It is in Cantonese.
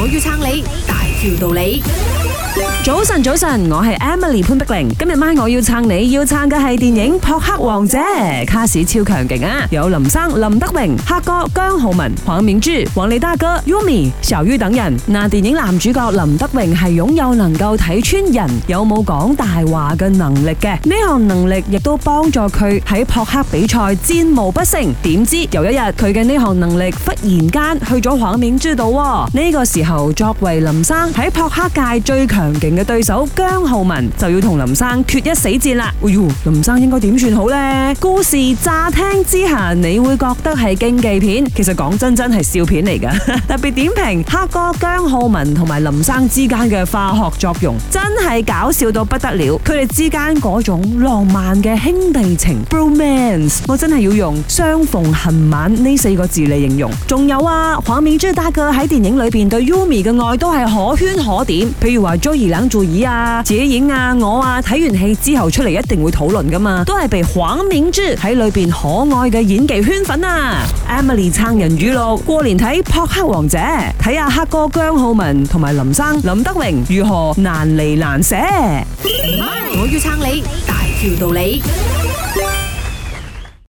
我要撐你。條道理。早晨，早晨，我係 Emily 潘碧玲。今日晚我要撐你，要撐嘅係電影《撲克王者》，卡士超強勁啊！有林生、林德榮、黑哥姜浩文、黃敏珠、黃麗大哥 Yumi、小玉等人。那電影男主角林德榮係擁有能夠睇穿人有冇講大話嘅能力嘅，呢項能力亦都幫助佢喺撲克比賽戰無不勝。點知有一日佢嘅呢項能力忽然間去咗黃敏珠度。呢個時候，作為林生。喺撲克界最強勁嘅對手姜浩文就要同林生決一死戰啦！哎喲，林生應該點算好呢？故事乍聽之下你會覺得係競技片，其實講真真係笑片嚟噶。特別點評黑哥姜浩文同埋林生之間嘅化學作用，真係搞笑到不得了！佢哋之間嗰種浪漫嘅兄弟情 （bromance），我真係要用相逢恨晚呢四個字嚟形容。仲有啊，黃明志打嘅喺電影裏邊對 Umi 嘅愛都係可。圈可點，譬如話 Joey 冷座椅啊、自己影啊、我啊，睇完戲之後出嚟一定會討論噶嘛，都係被黃明志喺裏邊可愛嘅演技圈粉啊 ！Emily 撐人語錄，過年睇《撲克王者》，睇下黑哥姜浩文同埋林生林德榮如何難離難捨。我要撐你，大條道理。